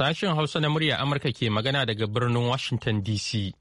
Sashen Hausa na murya Amurka ke magana daga birnin Washington DC.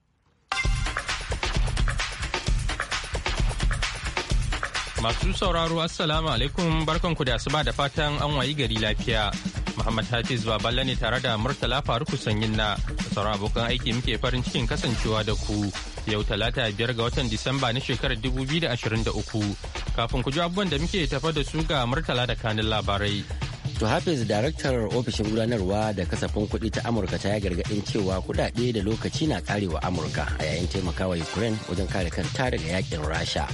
Masu sauraro Assalamu alaikum barkan ku da asuba da fatan an wayi gari lafiya. Muhammad Hafiz Baballe ne tare da Murtala Faruku Sanyin na sauran abokan aiki muke farin cikin kasancewa da ku yau talata biyar ga watan Disamba na shekarar da uku kafin ku ji abubuwan da muke tafa da su ga Murtala da kanin labarai. To Hafiz daraktar ofishin gudanarwa da kasafin kuɗi ta Amurka ta ya gargaɗin cewa kuɗaɗe da lokaci na karewa Amurka a yayin taimakawa Ukraine wajen kare kanta daga yakin Rasha.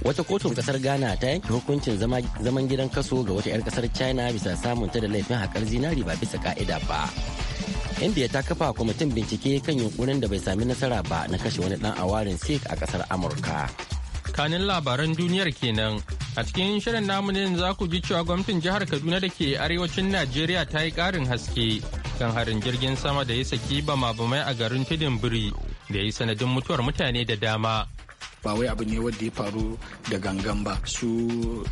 Wata kotun kasar Ghana ta yanke hukuncin zaman gidan kaso ga wata 'yar kasar China bisa samun ta da laifin haƙar zinari ba bisa ka'ida ba. India ta kafa kwamitin bincike kan yunkurin da bai sami nasara ba na kashe wani dan awarin Sikh a kasar Amurka. Kanin labaran duniyar kenan A cikin shirin namu ne za ku ji cewa gwamnatin jihar Kaduna da ke arewacin Najeriya ta yi ƙarin haske kan harin jirgin sama da ya saki bama-bamai a garin Tudun Biri da ya yi sanadin mutuwar mutane da dama. ba wai abu ne wanda ya faru da gangan ba su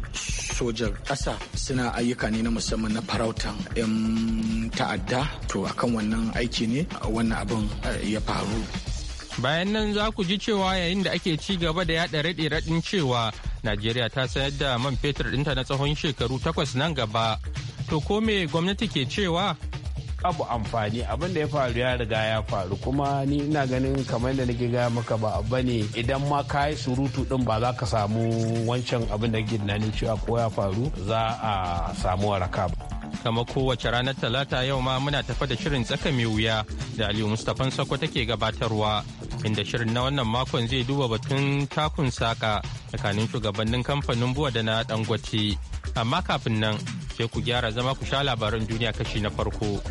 sojan ƙasa suna ayyuka ne na musamman na farautan 'yan ta'adda to akan wannan aiki ne wannan abin ya faru bayan nan za ku ji cewa yayin da ake ci gaba da yada raɗe raɗin cewa najeriya ta sayar da man fetur dinta na tsawon shekaru takwas nan gaba to ko me gwamnati ke cewa abu amfani abin da ya faru ya riga ya faru kuma ni ina ganin kamar da nake gaya maka ba abu ne idan ma ka yi surutu din ba za ka samu wancan abin da kake ne cewa ko ya faru za a samu waraka ba kama kowace ranar talata yau ma muna tafa da shirin tsaka mai wuya da aliyu mustapha sako take gabatarwa inda shirin na wannan makon zai duba batun takun saka tsakanin shugabannin kamfanin buwa da na dangote amma kafin nan sai ku gyara zama ku sha labaran duniya kashi na farko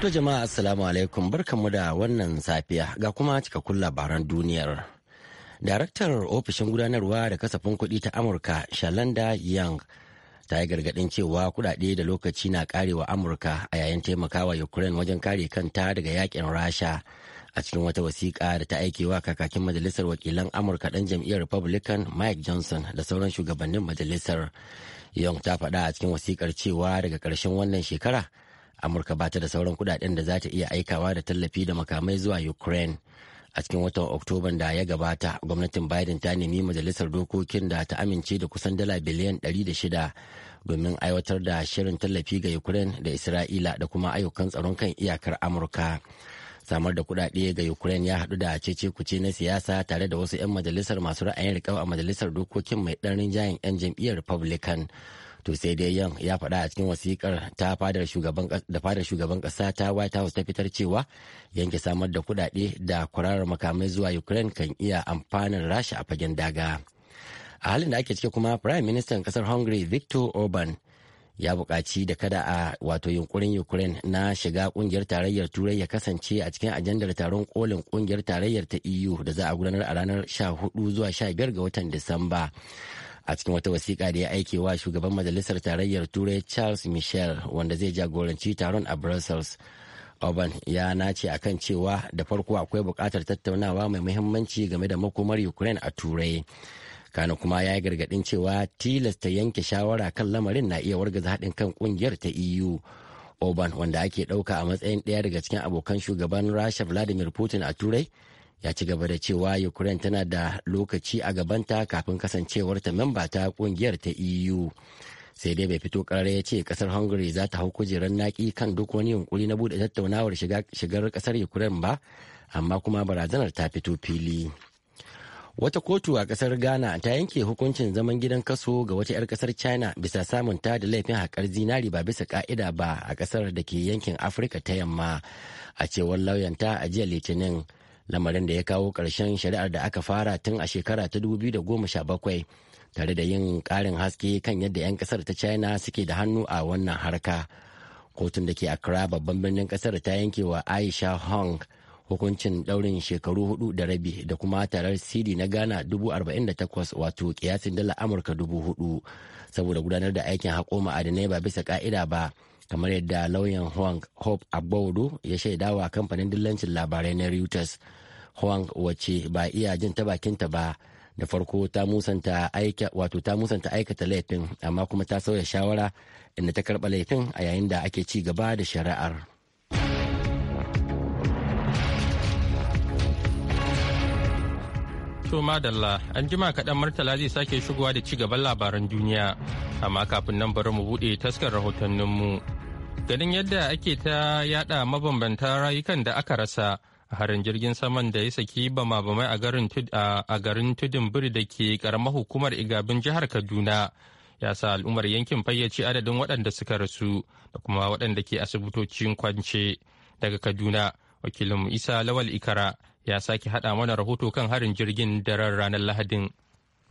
to jama'a assalamu alaikum barkanmu da wannan safiya ga kuma cikakkun labaran duniyar daraktar ofishin gudanarwa da kasafin kuɗi ta amurka shalanda yang ta yi gargaɗin cewa kuɗaɗe da lokaci na karewa amurka a yayin taimakawa ukraine wajen kare kanta daga yakin rasha a cikin wata wasiƙa da ta aikewa kakakin majalisar wakilan amurka ɗan jam'iyyar republican mike johnson da sauran shugabannin majalisar young ta faɗa a cikin wasiƙar cewa daga ƙarshen wannan shekara amurka ba ta da sauran kuɗaɗen da za ta iya aikawa da tallafi da makamai zuwa ukraine a cikin watan oktoban da ya gabata gwamnatin biden ta nemi majalisar dokokin da ta amince da kusan dala biliyan 600 domin aiwatar da shirin tallafi ga ukraine da isra'ila da kuma ayyukan tsaron kan iyakar amurka samar da kudade ga ukraine ya hadu da cece kuce na siyasa tare da wasu 'yan majalisar masu ra'ayin riƙau a majalisar dokokin mai ɗan rinjayen 'yan jam'iyyar republican to sai dai yan ya faɗa a cikin wasikar ta fadar shugaban da fadar shugaban ƙasa ta white house ta fitar cewa yanke samar da kuɗaɗe da kwararar makamai zuwa ukraine kan iya amfanin rasha a fagen daga a halin da ake cike kuma prime minister kasar hungary victor orban ya buƙaci da kada a wato yunkurin ukraine na shiga kungiyar tarayyar turai ya kasance a cikin ajandar taron kolin kungiyar tarayyar ta eu da za a gudanar a ranar 14 zuwa 15 ga watan disamba a cikin wata wasiƙa da ya aike wa shugaban majalisar tarayyar turai charles michel wanda zai jagoranci taron a brussels Oban ya nace a kan cewa da farko akwai buƙatar tattaunawa mai muhimmanci game da makomar Ukraine a Turai. Kano kuma ya yi gargaɗin cewa tilasta yanke shawara kan lamarin na iya wargaza haɗin kan ƙungiyar ta EU. Oban, wanda ake ɗauka a matsayin ɗaya daga cikin abokan shugaban Rasha Vladimir Putin a Turai ya ci gaba da cewa ukraine tana da lokaci a gabanta kafin kasancewarta memba ta kungiyar ta eu sai dai bai fito karar ya ce kasar hungary za ta hau kujerar naki kan duk wani yunkuri na bude tattaunawar shigar kasar ukraine ba amma kuma barazanar ta fito fili wata kotu a kasar ghana ta yanke hukuncin zaman gidan kaso ga wata 'yar kasar china bisa samun ta da laifin haƙar zinari ba bisa ka'ida ba a kasar da ke yankin afirka ta yamma a cewar lauyanta a jiya litinin lamarin da ya kawo ƙarshen shari'ar da aka fara tun a shekara ta 2017 tare da yin ƙarin haske kan yadda 'yan ƙasar ta china suke da hannu a wannan harka kotun da ke accra babban birnin ƙasar ta yanke wa aisha hong hukuncin daurin shekaru hudu da rabi da kuma tarar cd na ghana dubu wato kiyasin dala amurka dubu hudu saboda gudanar da aikin haƙo ma'adanai ba bisa ka'ida ba kamar yadda lauyan huang hope agbaudu ya shaidawa kamfanin dillancin labarai na reuters huang wacce ba iya jin ta bakinta ba da farko ta musanta ta musanta aikata laifin amma kuma ta sauya shawara inda ta karba laifin a yayin da ake ci gaba da shari'ar to madalla an jima kaɗan martala zai sake shigowa da ci gaban labaran duniya amma kafin nan bari mu buɗe taskar rahotanninmu ganin yadda ake ta yada mabambanta rayukan da aka rasa a harin jirgin saman da ya saki bama-bamai a garin tudun biri da ke karamar hukumar igabin jihar kaduna ya sa al'ummar yankin fayyace adadin waɗanda suka rasu da kuma waɗanda ke asibitocin kwance daga kaduna wakilin isa lawal ikara ya sake haɗa mana rahoto kan harin jirgin daren ranar lahadin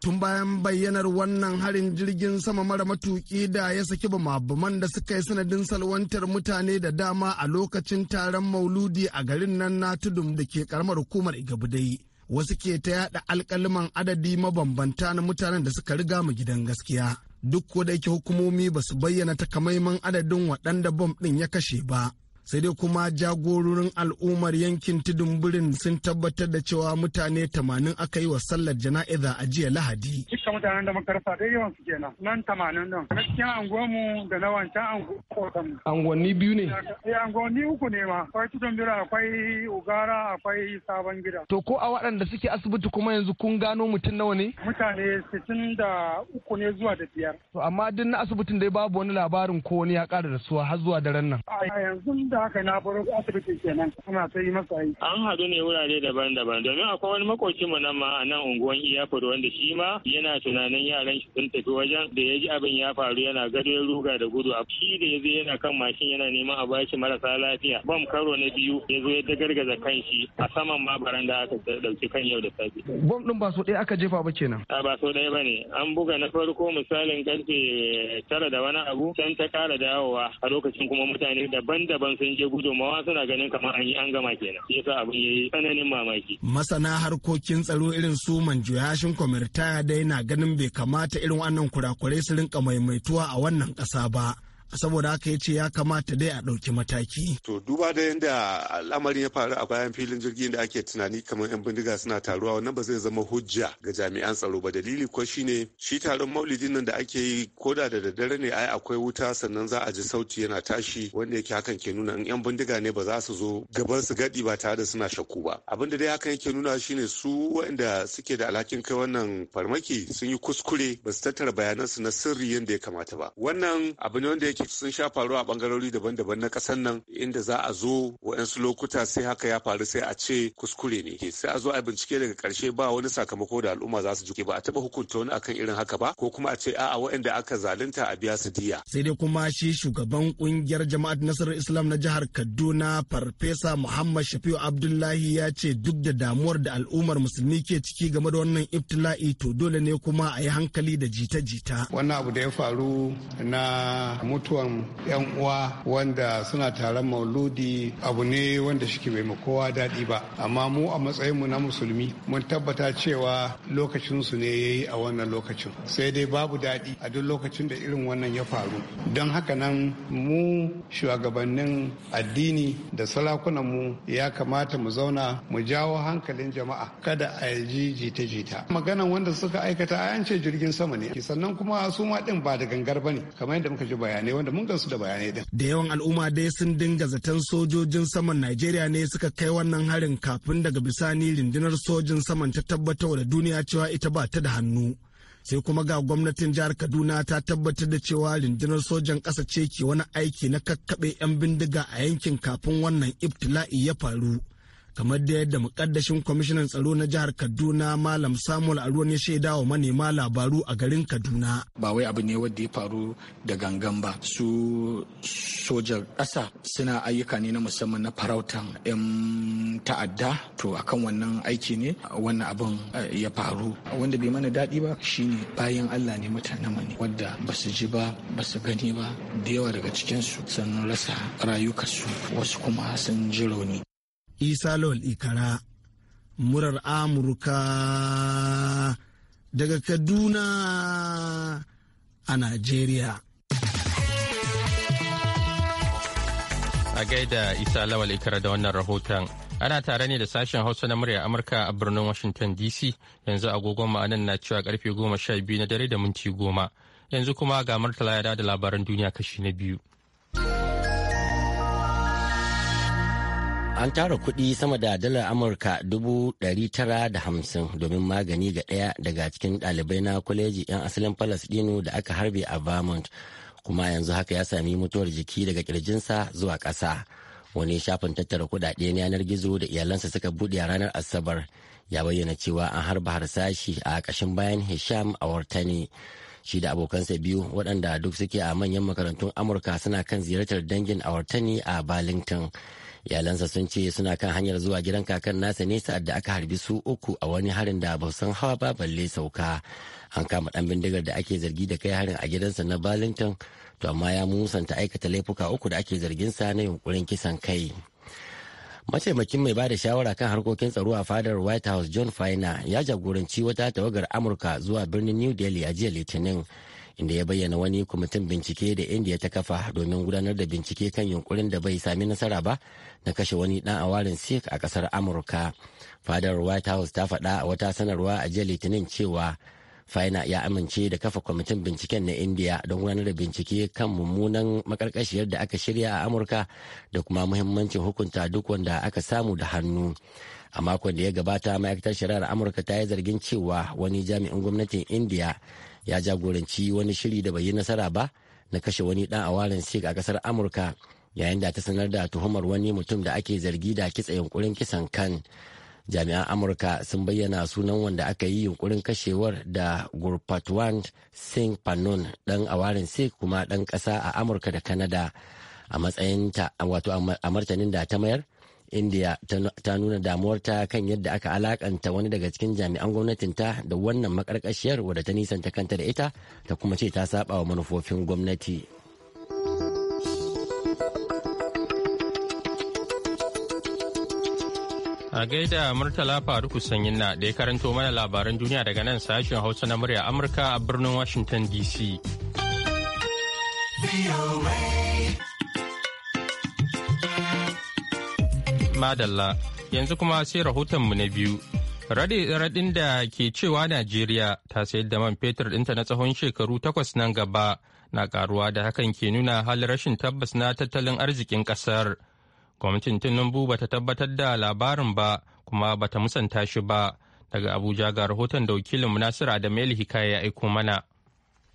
tun bayan bayyanar wannan harin jirgin sama mara matuki da ya saki bumabuman da suka yi sanadin salwantar mutane da dama a lokacin taron mauludi a garin nan na tudum da ke karamar hukumar igabudai wasu ke ta yada alkaliman adadi mabambanta na mutanen da suka riga mu gidan gaskiya duk ko da yake hukumomi ba su bayyana takamaiman adadin waɗanda bom ɗin ya kashe ba sai dai kuma jagororin al'ummar yankin tudun birin sun tabbatar da cewa mutane tamanin aka yi wa sallar jana'iza a jiya lahadi. Duka mutanen da makarfa dai yawan su kenan nan tamanin nan. Na cikin anguwanmu da na wancan anguwan. Anguwanni biyu ne? Eh anguwanni uku ne ma. Akwai tudun birin akwai ugara akwai sabon gida. To ko a waɗanda suke asibiti kuma yanzu kun gano mutum nawa ne? Mutane sittin da uku ne zuwa da biyar. To amma duk na asibitin dai babu wani labarin ko wani ya ƙara da suwa har zuwa daren nan. A yanzu da haka na baro asibiti kenan ana ta yi masa yi. An haɗu ne wurare daban-daban domin akwai wani makocinmu mu nan ma a nan unguwan Iyafur wanda shi ma yana tunanin yaran shi sun tafi wajen da ya ji abin ya faru yana gado ya ruga da gudu a shi da ya zo yana kan mashin yana neman a bashi marasa lafiya bam karo na biyu ya zo ya dagargaza kan shi a saman ma baranda aka dauki kan yau da safe. Bom din ba so ɗaya aka jefa ba kenan. A ba so ɗaya ba ne an buga na farko misalin karfe tara da wani abu can ta ƙara dawowa a lokacin kuma mutane daban-daban sun je gudunmawa suna ganin kamar an yi an gama kenan shi yasa abin yayi tsananin mamaki masana harkokin tsaro irin su manjuyashin kwamirta dai na ganin bai kamata irin wannan kurakurai su rinka maimaituwa a wannan ƙasa ba saboda haka ya ce ya kamata dai a ɗauki mataki. To duba da yadda al'amarin ya faru a bayan filin jirgin da ake tunani kamar 'yan bindiga suna taruwa wannan ba zai zama hujja ga jami'an tsaro ba dalili ko shine shi taron maulidin nan da ake yi koda da daddare ne ai akwai wuta sannan za a ji sauti yana tashi wanda yake hakan ke nuna in 'yan bindiga ne ba za su zo gaban su gadi ba tare da suna shakku ba. Abin da dai hakan yake nuna shine su waɗanda suke da alhakin kai wannan farmaki sun yi kuskure ba su tattara bayanansu na sirri yadda ya kamata ba. Wannan abu ne wanda yake yake sun sha faru a bangarori daban-daban na kasar nan inda za a zo waɗansu lokuta sai haka ya faru sai a ce kuskure ne sai a zo a bincike daga ƙarshe ba wani sakamako da al'umma za su ji ba a taɓa hukunta wani akan irin haka ba ko kuma a ce a'a waɗanda aka zalunta a biya su diya. sai dai kuma shi shugaban ƙungiyar jama'at nasarar islam na jihar kaduna farfesa muhammad shafiu abdullahi ya ce duk da damuwar da al'ummar musulmi ke ciki game da wannan iftila'i to dole ne kuma a yi hankali da jita-jita. wannan abu da ya faru na mutu mutuwan 'yan uwa wanda suna taron mauludi abu ne wanda shi bai ma kowa daɗi ba amma mu a matsayin mu na musulmi mun tabbata cewa lokacinsu ne ya yi a wannan lokacin sai dai babu daɗi a duk lokacin da irin wannan ya faru don haka nan mu shugabannin addini da salakunan mu ya kamata mu zauna mu jawo hankalin jama'a kada a ji jita-jita maganan wanda suka aikata a ce jirgin sama ne sannan kuma su ma ɗin ba da gangar ba ne kamar yadda muka ji bayanai wanda mun gansu da bayanai din. Da yawan al'umma dai sun dinga zaton sojojin saman Najeriya ne suka kai wannan harin kafin daga bisani rundunar sojin saman ta tabbatar da duniya cewa ita ba ta da hannu. sai kuma ga gwamnatin jihar kaduna ta tabbatar da cewa rundunar sojan ƙasa ce ke wani aiki na kakkaɓe 'yan bindiga a yankin kafin wannan ibtila'i ya faru kamar da yadda mukaddashin kwamishinan tsaro na jihar kaduna malam samuel aruwan ya shaida wa manema labaru a garin kaduna ba wai abu ne wanda ya faru da gangan ba su sojan ƙasa suna ayyuka ne na musamman na farautan 'yan ta'adda to akan wannan aiki ne wannan abin eh, ya faru wanda bai mana daɗi ba shine bayan allah ne mutanen mu ne wadda ba su ji ba ba su gani ba da yawa daga cikinsu sun rasa rayukansu wasu kuma sun ji rauni isa lawal ikara murar amurka daga kaduna a nigeria. a gaida isa lawal ikara da wannan rahoton ana tare ne da sashen hausa na murya amurka a birnin washington dc yanzu agogon ma'anan na cewa karfe goma sha biyu na dare da minti goma yanzu kuma ga martala ya da labaran duniya kashi na biyu an tara kuɗi sama da dalar amurka dubu ɗari tara da hamsin domin magani ga ɗaya daga cikin ɗalibai na kwaleji 'yan asalin falasɗinu da aka harbe a vermont kuma yanzu haka ya sami mutuwar jiki daga kirjinsa zuwa ƙasa wani shafin tattara kuɗaɗe na yanar gizo da iyalansa suka buɗe a ranar asabar ya bayyana cewa an harba harsashi a ƙashin bayan hisham a wartani shi da abokansa biyu waɗanda duk suke a manyan makarantun amurka suna kan ziyartar dangin a wartani a balington iyalansa sun ce suna kan hanyar zuwa gidan kakan nasa ne sa'ad da aka harbi su uku a wani harin da ba san hawa ba balle sauka an kama dan bindigar da ake zargi da kai harin a gidansa na Burlington to amma ya musanta aikata laifuka uku da ake zargin sa na yunkurin kisan kai mataimakin mai bada shawara kan harkokin tsaro a fadar white house john faina ya jagoranci wata tawagar amurka zuwa birnin new delhi a jiya litinin inda ya bayyana wani kwamitin bincike da indiya ta kafa domin gudanar da bincike kan yunkurin da bai sami nasara ba na kashe wani dan awarin sikh a kasar amurka fadar white house ta faɗa a wata sanarwa a jiya litinin cewa faina ya amince da kafa kwamitin binciken na indiya don gudanar da bincike kan mummunan makarkashiyar da aka shirya a amurka da kuma muhimmancin hukunta duk wanda aka samu da hannu a makon da ya gabata ma'aikatar shari'ar amurka ta yi zargin cewa wani jami'in gwamnatin indiya ya jagoranci wani shiri da bai yi nasara ba na kashe wani dan awarin sikh a kasar amurka yayin da ta sanar da tuhumar wani mutum da ake zargi da kitse yunkurin kisan kan jami'an amurka sun bayyana sunan wanda aka yi yunkurin kashewar da gurpatwan singh panon dan awarin sikh kuma dan kasa a amurka da kanada a matsayin ta wato a martanin da ta mayar india ta nuna damuwarta kan yadda aka alakanta wani daga cikin jami'an gwamnatinta da wannan makarkashiyar wadda ta nisanta kanta da ita ta kuma ce ta saba wa manufofin gwamnati a gaida murtala faruku sanyin na da ya karanto mana labaran duniya daga nan sashen hausa na murya amurka a birnin washington dc Madalla, yanzu kuma sai rahoton mu na biyu. Raɗin da ke cewa Najeriya ta sayar da man fetur ɗinta na tsawon shekaru takwas nan gaba na karuwa da hakan ke nuna halin rashin tabbas na tattalin arzikin ƙasar. Gwamnatin Tinubu ta tabbatar da labarin ba kuma bata musanta shi ba. Daga Abuja ga rahoton da wakilin Nasiru Adamu Hikaya ya aiko mana.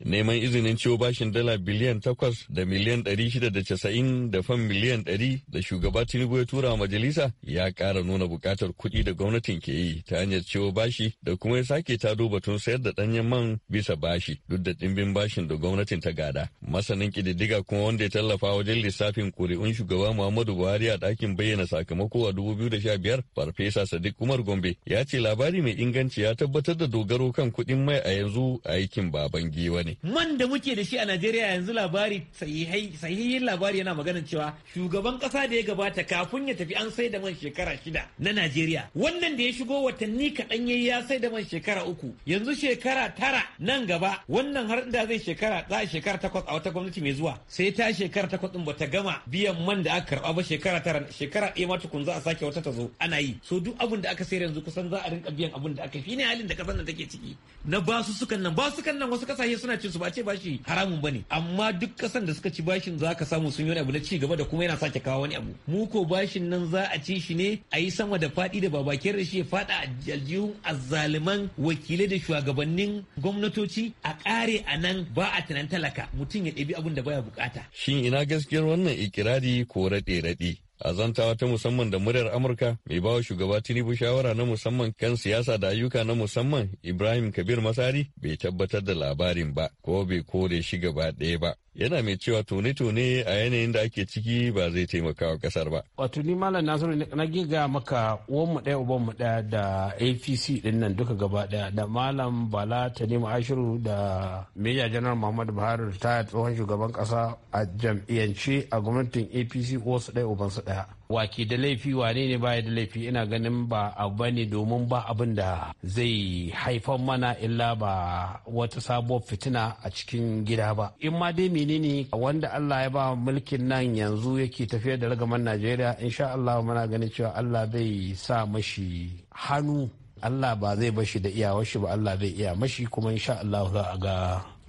neman izinin ciwo bashin dala biliyan takwas da miliyan ɗari shida da casa'in da fan miliyan ɗari da shugaba tinubu ya tura wa majalisa ya ƙara nuna buƙatar kuɗi da gwamnatin ke yi ta hanyar ciwo bashi da kuma ya sake tado batun sayar da ɗanyen man bisa bashi duk da ɗimbin bashin da gwamnatin ta gada masanin ƙididdiga kuma wanda ya tallafa wajen lissafin ƙuri'un shugaba muhammadu buhari a ɗakin bayyana sakamako a dubu biyu da sha biyar farfesa sadiq umar gombe ya ce labari mai inganci ya tabbatar da dogaro kan kuɗin mai a yanzu aikin baban giwa ne man da muke da shi a Najeriya yanzu labari sahihin labari yana maganin cewa shugaban kasa da ya gabata kafin ya tafi an sai da man shekara shida na Najeriya wannan da ya shigo watanni kaɗan yayi ya sai da man shekara uku yanzu shekara tara nan gaba wannan har da zai shekara za a shekara takwas a wata gwamnati mai zuwa sai ta shekara takwas ɗin bata gama biyan man da aka karɓa ba shekara tara shekara ɗaya ma tukun za a sake wata ta zo ana yi so duk abin da aka sayar yanzu kusan za a rinka biyan abin da aka fi ne halin da kasan nan take ciki na basu sukan nan basu sukan nan wasu kasashe suna ana cin su ba ce bashi haramun bane amma duk kasan da suka ci bashin za ka samu sun yi wani abu na cigaba gaba da kuma yana sake kawo wani abu mu ko bashin nan za a ci shi ne a yi sama da faɗi da babakin shi ya faɗa aljihun azzaliman wakilai da shugabannin gwamnatoci a kare a nan ba a tunan talaka mutum ya ɗabi abin da baya bukata. Shin ina gaskiyar wannan ikirari ko raɗe-raɗe? a zantawa ta musamman da muryar Amurka mai bawa shugaba Tinubu shawara na musamman kan siyasa da ayyuka na musamman Ibrahim Kabir Masari bai tabbatar da labarin ba ko bai kore shi gaba ɗaya ba. yana mai cewa tone-tone a yanayin da ake ciki ba zai taimaka wa kasar ba. Wato ni malam Nasiru na giga maka uwanmu ɗaya ubanmu ɗaya da APC ɗin nan duka gaba ɗaya da malam Bala Tanimu Ashiru da Meja Janar Muhammadu Buhari ta tsohon shugaban ƙasa a jam'iyyance a gwamnatin APC wasu ɗaya su ɗaya. wake da laifi wane ne baya da laifi ina ganin ba abu bane domin ba abin da zai haifar mana illa ba wata sabuwar fitina a cikin gida ba in ma dai menene wanda Allah ya ba mulkin nan yanzu yake tafiyar da ragaman Najeriya insha Allah muna ganin cewa Allah zai sa mashi hannu Allah ba zai bashi da iyawar shi ba Allah zai iya mashi kuma insha Allah za a ga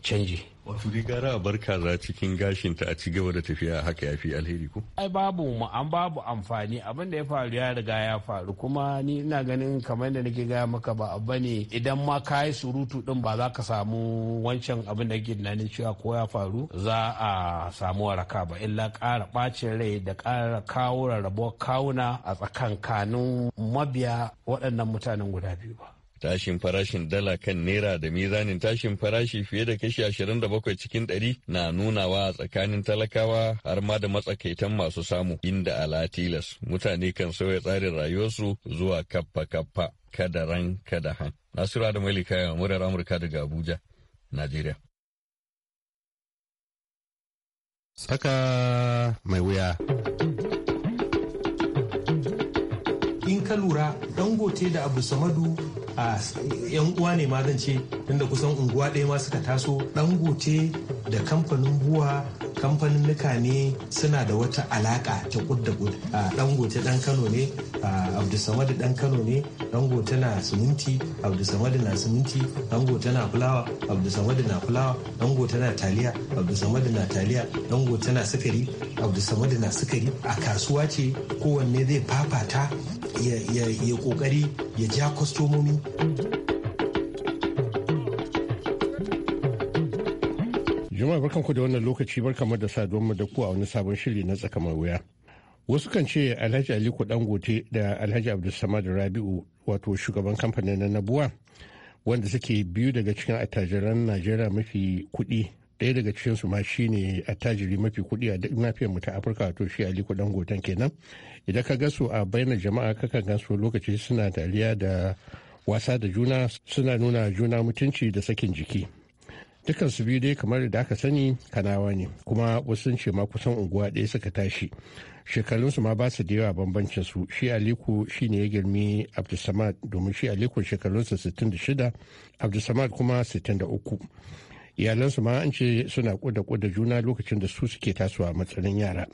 canji wato dai gara a bar kaza cikin gashinta a ci gaba da tafiya haka ya fi alheri ko ai babu mu an babu amfani abin da ya faru ya riga ya faru kuma ni ina ganin kamar da nake gaya maka ba abu ne idan ma ka yi surutu din ba za ka samu wancan abin da ke tunanin cewa ko ya faru za a samu waraka ba illa kara ɓacin rai da ƙara kawo rarrabuwar kawuna a tsakankanin mabiya waɗannan mutanen guda biyu ba tashin farashin dala kan naira da mizanin tashin farashi fiye da kashi 27 cikin 100 na nunawa a tsakanin talakawa har ma da matsakaitan masu samu inda ala tilas mutane kan sauya tsarin rayuwarsu zuwa kappa kappa kada ran kada han nasiru da malika ya murar amurka daga abuja najeriya tsaka mai wuya in ka lura gote da abu samadu a yan uwa ne ma zan ce tunda kusan unguwa ɗaya ma suka taso gote da kamfanin buwa kamfaninnika ne suna da wata alaka ta kud da kud dangote dan kano ne a samadu dan kano ne dangote na siminti samadu na siminti dangote na fulawa samadu na fulawa dangote na taliya samadu na taliya dangote na sukari samadu na sukari a kasuwa ce kowanne zai fafata ya kokari ya ja kwastomomi Jama'a ku da wannan lokaci bar kamar da mu da ku a wani sabon shiri na tsakamar wuya. Wasu kan ce Alhaji Aliko Dangote da Alhaji Abdulsamad Rabi'u wato shugaban kamfanin na Nabuwa wanda suke biyu daga cikin attajiran Najeriya mafi kuɗi ɗaya daga cikin su ma shine attajiri mafi kuɗi a duk nafiyar mu ta Afirka wato shi Aliko dangote kenan idan ka ga su a bayyana jama'a kakan gan su lokaci suna dariya da wasa da juna suna nuna juna mutunci da sakin jiki dukansu biyu dai kamar da aka sani kanawa ne kuma wasu ce ma kusan unguwa ɗaya suka tashi shekarunsu ma ba su da yawa bambancin su shi aliku shi ya girmi abdulsamad domin shi aliku shekarunsa 66 abdulsamad kuma 63 iyalansu ma an ce suna kuda kuda juna lokacin da su suke tasowa matsalin yara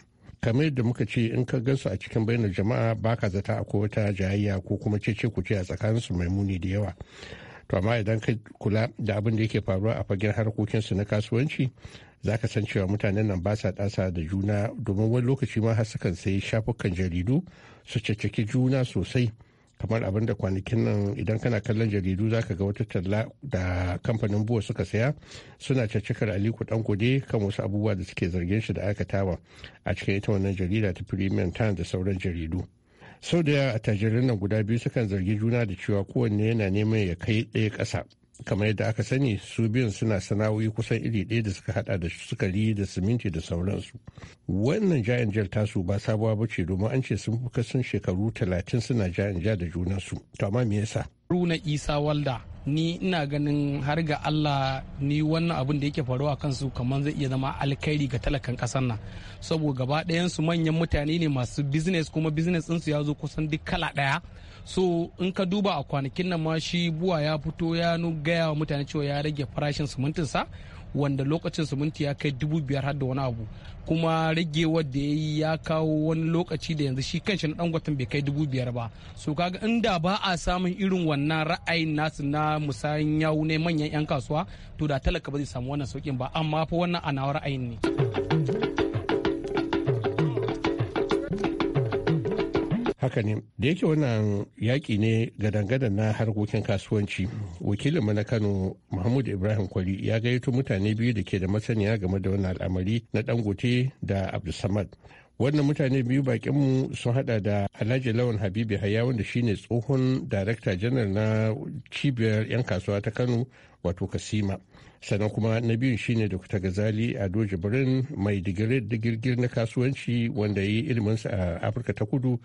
kamar da muka ce in ka gansu a cikin bayanar jama'a baka zata akwai wata jayayya ko kuma cece ku ce a tsakaninsu mai muni da yawa to amma idan ka kula da abin da yake faruwa a fagen harkokinsu na kasuwanci za ka san cewa mutanen nan ba sa ɗasa da juna domin wani lokaci ma har sukan sayi shafukan jaridu su caccaki juna sosai kamar abin da kwanakin nan idan kana kallon jaridu za ka ga wata talla da kamfanin buwa suka saya suna caccakar aliko dankode kan wasu abubuwa da suke zargin shi da aikatawa a cikin ita wannan jarida ta premium times da sauran jaridu sau da yawa attajirin nan guda biyu sukan zargi juna da cewa kowanne yana neman ya kai ɗaya ƙasa kamar yadda aka sani su biyun suna sana'o'i kusan iri ɗaya da suka hada da sukari da siminti da sauransu wannan jayan jar tasu ba sabuwa ba ce domin an ce sun fi kasan shekaru talatin suna jayan ja da junansu to amma me yasa Runa Isa Walda ni ina ganin har ga Allah ni wannan abin da yake faruwa kansu kamar zai iya zama alkhairi ga talakan kasar nan saboda gaba ɗayan su manyan mutane ne masu business kuma business su ya zo kusan duk kala ɗaya so in ka duba a kwanakin nan ma shi buwa ya fito ya gaya wa mutane cewa ya rage farashin simintinsa wanda lokacin siminti ya kai dubu biyar har da wani abu kuma ragewar da ya yi ya kawo wani lokaci da yanzu shi kanshi na dangwatan bai kai dubu biyar ba so kaga inda ba a samun irin wannan ra'ayin nasu na musayin yawu ne manyan yan kasuwa to da talaka ba zai samu wannan saukin ba amma fa wannan a ra'ayin ne. haka ne da yake wannan yaƙi ne ga gadan na harkokin kasuwanci wakilinmu na kano mahmud ibrahim kwali ya gayyato mutane biyu da ke da masaniya game da wannan al'amari na dangote da abdulsamad wannan mutane biyu bakinmu sun hada da alhaji lawan habibu haya wanda shine tsohon darakta janar na cibiyar 'yan kasuwa ta kano wato kasima sannan kuma na biyun shine dr gazali ado jibrin mai digirgir na kasuwanci wanda ya yi ilminsa a afirka ta kudu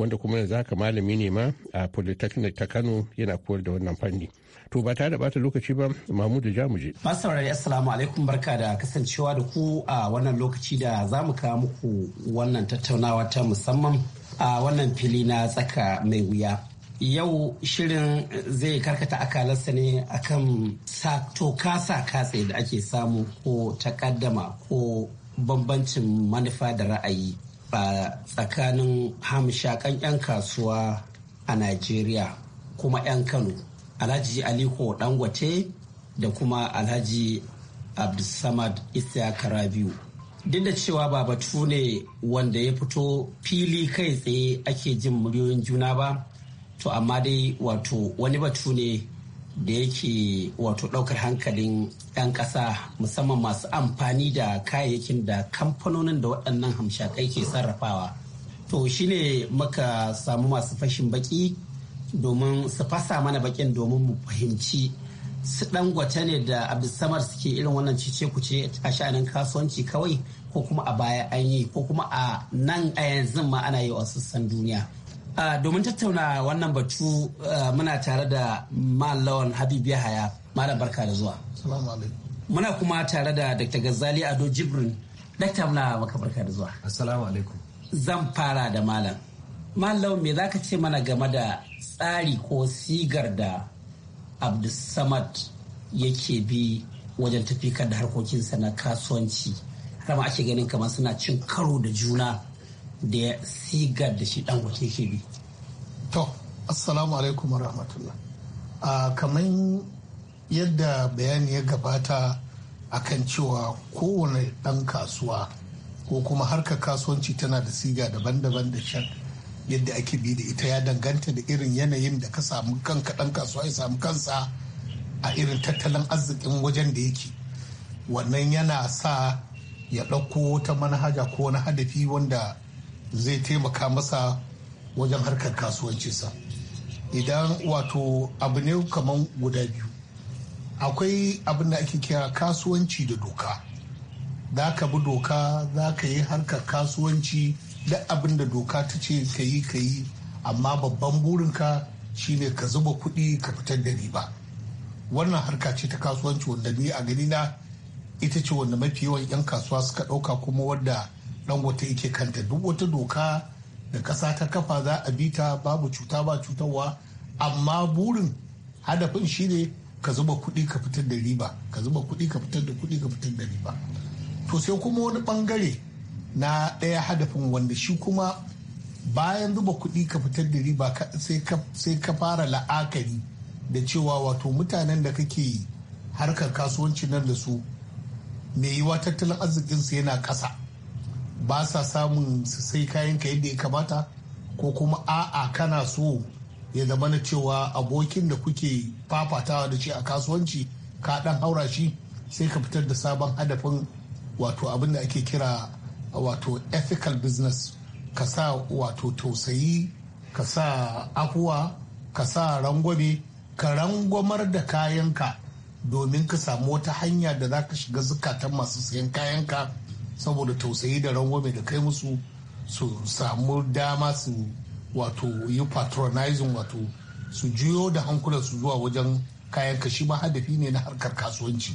wanda kuma yanzu haka malami ne ma a polytechnic ta kano yana koyar da wannan fanni to ba tare da bata lokaci ba mahmudu jamuje masu saurari assalamu alaikum barka da kasancewa da ku a wannan lokaci da za mu kawo muku wannan tattaunawa ta musamman a wannan fili na tsaka mai wuya yau shirin zai karkata akalarsa ne akan toka sa katse da ake samu ko takaddama ko bambancin manufa da ra'ayi a tsakanin hamshakan 'yan kasuwa a Najeriya kuma 'yan Kano, Alhaji Aliko Dangote da kuma Alhaji Abdulsamad Isiyaka Rabiu. Duk da cewa ba batu ne wanda ya fito fili kai tsaye ake jin miliyoyin juna ba, to amma dai wato wani batu ne da yake wato ɗaukar hankalin 'yan ƙasa musamman masu amfani da kayayyakin da kamfanonin da waɗannan hamshakai ke sarrafawa to shine muka samu masu fashin baki domin su fasa mana bakin domin mu fahimci su ɗan gwata ne da samar suke irin wannan cice kuce a sha'anin kasuwanci kawai ko kuma a baya an yi ko kuma a nan a yanzu ma ana yi wasu sassan duniya Ah, domin tattauna wannan batu ah, muna tare da malawan habib yahaya malam barka da zuwa muna kuma tare da dr gazali ado jibrin dakta muna maka barka da zuwa assalamu zan fara da malam malam me zaka ce mana game da tsari ko sigar da abdulsamad yake bi wajen tafikar da harkokinsa na kasuwanci har ma ake ganin kamar suna cin karo da juna da ya sigar da shi dan wace ke bi to assalamu alaikum rahmatullah a kamar yadda bayani ya gabata a kan cewa kowane dan kasuwa ko kuma harkar kasuwanci tana da siga daban-daban da shan yadda ake bi da ita ya danganta da irin yanayin da ka samu kanka dan kasuwa ya samu kansa a irin tattalin arzikin wajen da yake wannan yana sa ya ɗauko wata manhaja ko wani hadafi wanda zai taimaka masa wajen harkar kasuwancinsa idan wato abu ne kamar guda biyu akwai abin da ake kira kasuwanci da doka za ka bi doka za ka yi harkar kasuwanci da abin da doka ta ce ka yi ka yi amma babban burinka shine ka zuba kuɗi ka fitar da riba wannan harka ce ta kasuwanci wanda ni a gani na ita ce wanda mafi yawan 'yan kasuwa suka ɗauka kuma wadda wata yake kanta duk wata doka da ƙasa ta kafa za a bi ta babu cuta ba cutarwa amma burin hadafin ne ka zuba kuɗi ka fitar da riba ka zuba kuɗi ka fitar da kuɗi ka fitar da riba to sai kuma wani bangare na ɗaya hadafin wanda shi kuma bayan zuba kuɗi ka fitar da riba sai ka fara la'akari da cewa wato mutanen da kake harkar kasuwanci nan da su mai yiwa tattalin arzikinsu yana ƙasa ba sa samun su sai kayan yadda ya kamata ko kuma a'a kana so ya zama na cewa abokin da kuke fafatawa da shi a kasuwanci ka dan haura shi sai ka fitar da sabon hadafin wato abin da ake kira wato ethical business ka sa wato tausayi ka sa afuwa ka sa rangwame ka rangwamar da kayanka domin ka samu wata hanya da za ka shiga zukatan masu sayan kayanka saboda tausayi da rangwame da kai musu su samu dama su wato yi patronizing wato su juyo da hankulan su zuwa wajen kayan kashi ma hadafi ne na harkar kasuwanci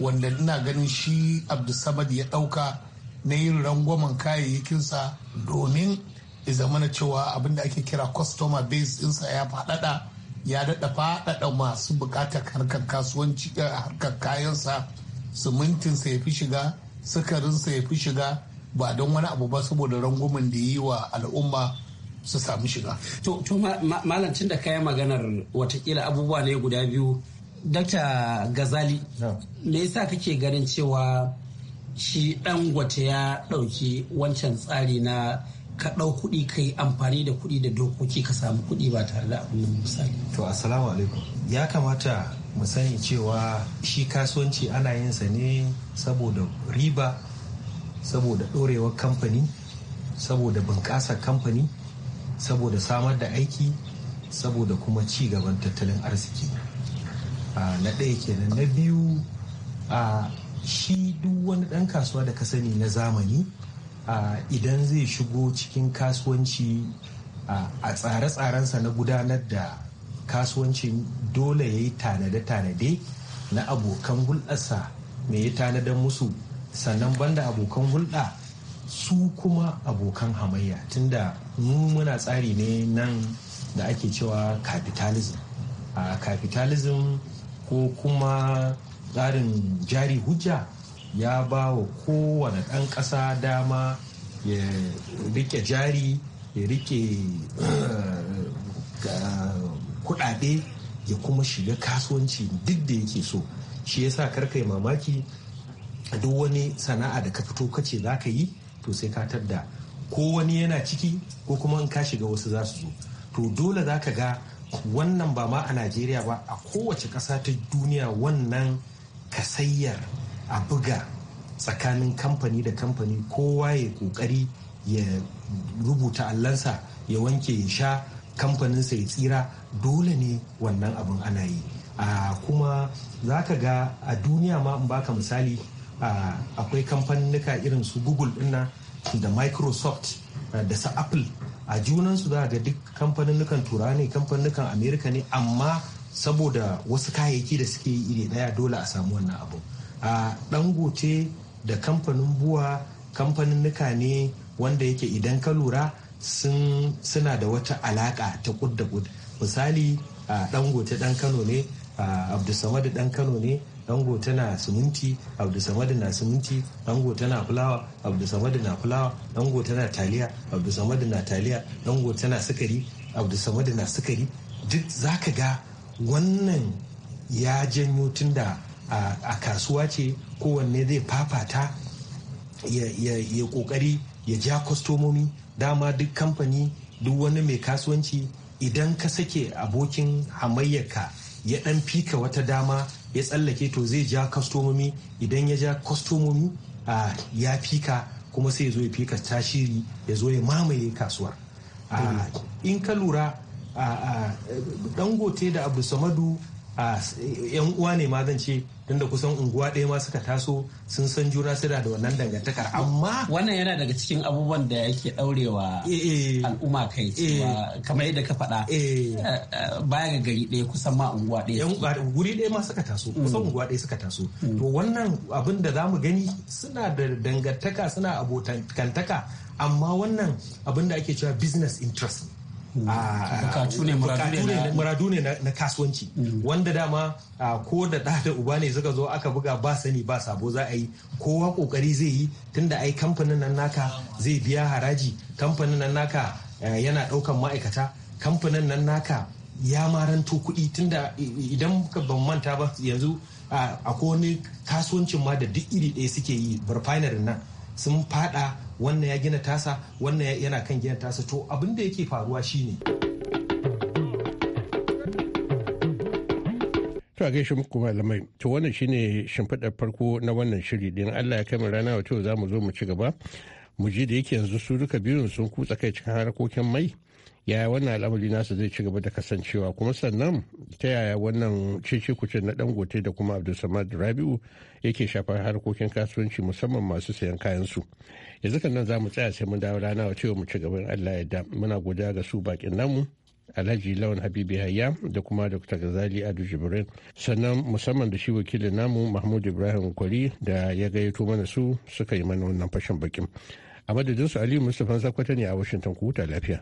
wanda ina ganin shi abdulsamad ya dauka na yin rangwamen kayayyakinsa domin ya zamana cewa abinda ake kira customer base insa ya faɗaɗa ya daɗa faɗaɗa masu buƙatar harkar kasuwanci eh, harkar kayansa simintinsa ya fi shiga sukarinsa ya fi shiga ba don wani abu ba saboda rangwamen da yi wa al'umma su samu shiga. To, to malancin da kayan maganar watakila abubuwa ne guda biyu. Dakta Gazali, me yasa kake ganin cewa shi dan gwate ya ɗauki wancan tsari na ka ɗau kuɗi ka amfani da kuɗi da dokoki ka samu kuɗi ba tare da abin misali. To, assalamu alaikum. Ya kamata mu sani cewa shi kasuwanci ana yin sa ne saboda riba saboda ɗorewar kamfani saboda bunƙasar kamfani saboda samar da aiki saboda kuma ci gaban tattalin arziki na ɗaya kenan na biyu a shi duk wani ɗan kasuwa da ka sani na zamani idan zai shigo cikin kasuwanci a tsare-tsarensa na gudanar da kasuwancin dole ya yi tanade-tanade na abokan hulɗarsa me ya tanadar musu sannan banda abokan hulɗa su kuma abokan hamayya tunda mu muna tsari ne nan da ake cewa capitalism a capitalism ko kuma tsarin jari hujja ya ba wa kowane ɗan ƙasa dama ya rike jari ya rike eh, kuɗaɗe ya kuma shiga kasuwanci duk da yake so shi yasa yi mamaki duk wani sana'a da ka fito kace za ka yi to sai ka tadda ko wani yana ciki ko kuma in ka shiga wasu za su zo to dole za ka ga wannan ba ma a najeriya ba a kowace ƙasa ta duniya wannan kasayyar a buga tsakanin kamfani da kamfani kowa ya kokari ya rubuta allansa ya wanke ya sha kamfanin ya tsira dole ne wannan abin ana yi kuma za ka ga a duniya ma in baka misali akwai kamfaninnika irin su google dinna da microsoft da su apple a junansu za ga duk kamfaninnukan turawa ne kamfaninnukan amerika ne amma saboda wasu kayayyaki da suke yi iri daya dole a samu wannan abu a dangote da kamfanin buwa kamfaninnuka ne wanda yake idan ka lura suna da wata alaka ta kud da kud misali dangote dan kano ne abdulsamadu dan kano ne dango tana suminti abdulsamadu na suminti dango tana fulawa abdulsamadu na fulawa dango tana taliya abdulsamadu na taliya dango tana sukari abdulsamadu na sukari duk zaka ga wannan ya janyo tunda a kasuwa ce kowanne zai fafata ya kokari ya ja kwastomomi dama duk kamfani duk wani mai kasuwanci idan ka sake abokin hamayyarka ya dan fika wata dama ya tsallake to zai ja kwastomomi idan ya ja kwastomomi ya fika kuma sai ya zo ya fika tashiri ya zo ya mamaye kasuwar in ka lura dangote da abu samadu a yan uwa ne ma zan ce tunda kusan unguwa ɗaya ma suka taso sun san juna suna da wannan dangantakar amma wannan yana daga cikin abubuwan da yake ɗaurewa eh, eh. al'umma kai eh. cewa kamar yadda ka faɗa baya ga gari ɗaya kusan ma unguwa ɗaya guri ɗaya ma suka taso mm. kusan unguwa ɗaya suka taso mm. to wannan abin da za mu gani suna da dangantaka suna abotantaka amma wannan abin da ake cewa business interest Mm. Ah, bukatu ne muradu ne na kasuwanci mm. wanda dama ah, ko da ɗa da uba ne suka zo aka buga ba sani ba sabo za a yi kowa kokari zai yi tunda ai kamfanin nan naka zai biya haraji kamfanin nan naka eh, yana ɗaukan ma'aikata kamfanin nan naka ya maranto kuɗi tunda idan ban manta ba yanzu a ah, wani kasuwancin ma da duk iri ɗaya suke yi burfinery nan sun fada wannan ya gina tasa wannan yana kan gina tasa to abin da yake faruwa shine To a gaishe muku malamai, to wannan shine shimfiɗar farko na wannan shiri din Allah ya kai rana wato za mu zo mu ci gaba. Mu ji da yake yanzu su duka biyun sun kutsa kai cikin harkokin mai yaya wannan al'amari nasu zai ci gaba da kasancewa kuma sannan ta yaya wannan cece kuce na dangote da kuma abdulsamad rabiu yake shafar harkokin kasuwanci musamman masu sayan kayan su yanzu kan nan za mu tsaya sai mun dawo rana wa cewa mu ci gaban allah yadda muna godiya ga su bakin namu alhaji lawan habibi hayya da kuma dr gazali adu jibrin sannan musamman da shi wakilin namu mahmud ibrahim kwari da ya gayyato mana su suka yi mana wannan fashin bakin a madadinsu aliyu mustapha sakwata ne a washington ku huta lafiya.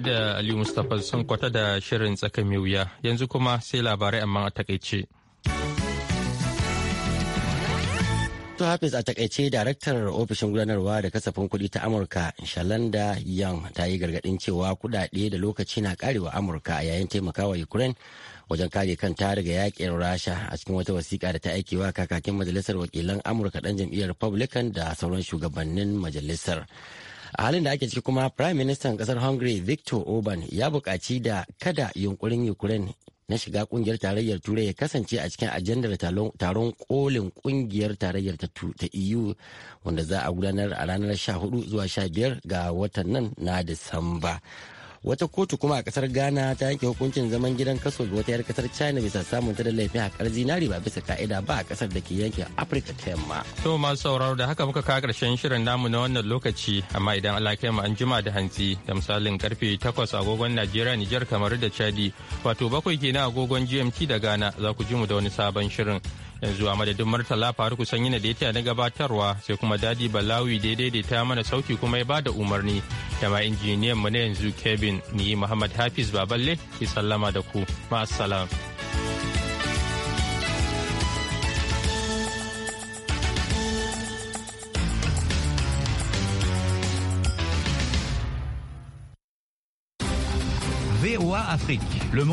da Aliyu Mustapha sun kwata da shirin tsakan mai wuya yanzu kuma sai labarai amma a takaice. To Hafiz a takaice daraktar ofishin gudanarwa da kasafin kuɗi ta Amurka Shalanda Young ta yi gargaɗin cewa kuɗaɗe da lokaci na karewa Amurka a yayin taimakawa Ukraine wajen kare kanta daga yakin rasha a cikin wata wasiƙa da ta aiki wa kakakin majalisar wakilan amurka ɗan jam'iyyar republican da sauran shugabannin majalisar a halin da ake ciki kuma prime minister kasar hungary victor orban ya buƙaci da kada yunkurin ukraine na shiga kungiyar tarayyar turai ya kasance a cikin ajandar taron kolin kungiyar tarayyar ta eu e wanda za a gudanar a ranar 14 zuwa 15 ga watan nan na disamba wata kotu kuma a kasar ghana ta yanke hukuncin zaman gidan kaso ga wata 'yar kasar china bisa samun ta da laifin hakar zinari ba bisa ka'ida ba a kasar da ke yankin afirka ta yamma to masu sauraro da haka muka kawo karshen shirin namu na wannan lokaci amma idan allah mu an jima da hantsi da misalin karfe 8 agogon najeriya nijar kamar da chadi wato bakwai kenan agogon gmt da ghana za ku ji mu da wani sabon shirin yanzu a madadin martala faruku sanyi na da na gabatarwa sai kuma dadi balawi da ta mana sauki kuma ya bada umarni da ma injiniyan mu na yanzu kevin ni muhammad hafiz baballe ki sallama da ku ma'assalam. Afrique. Le monde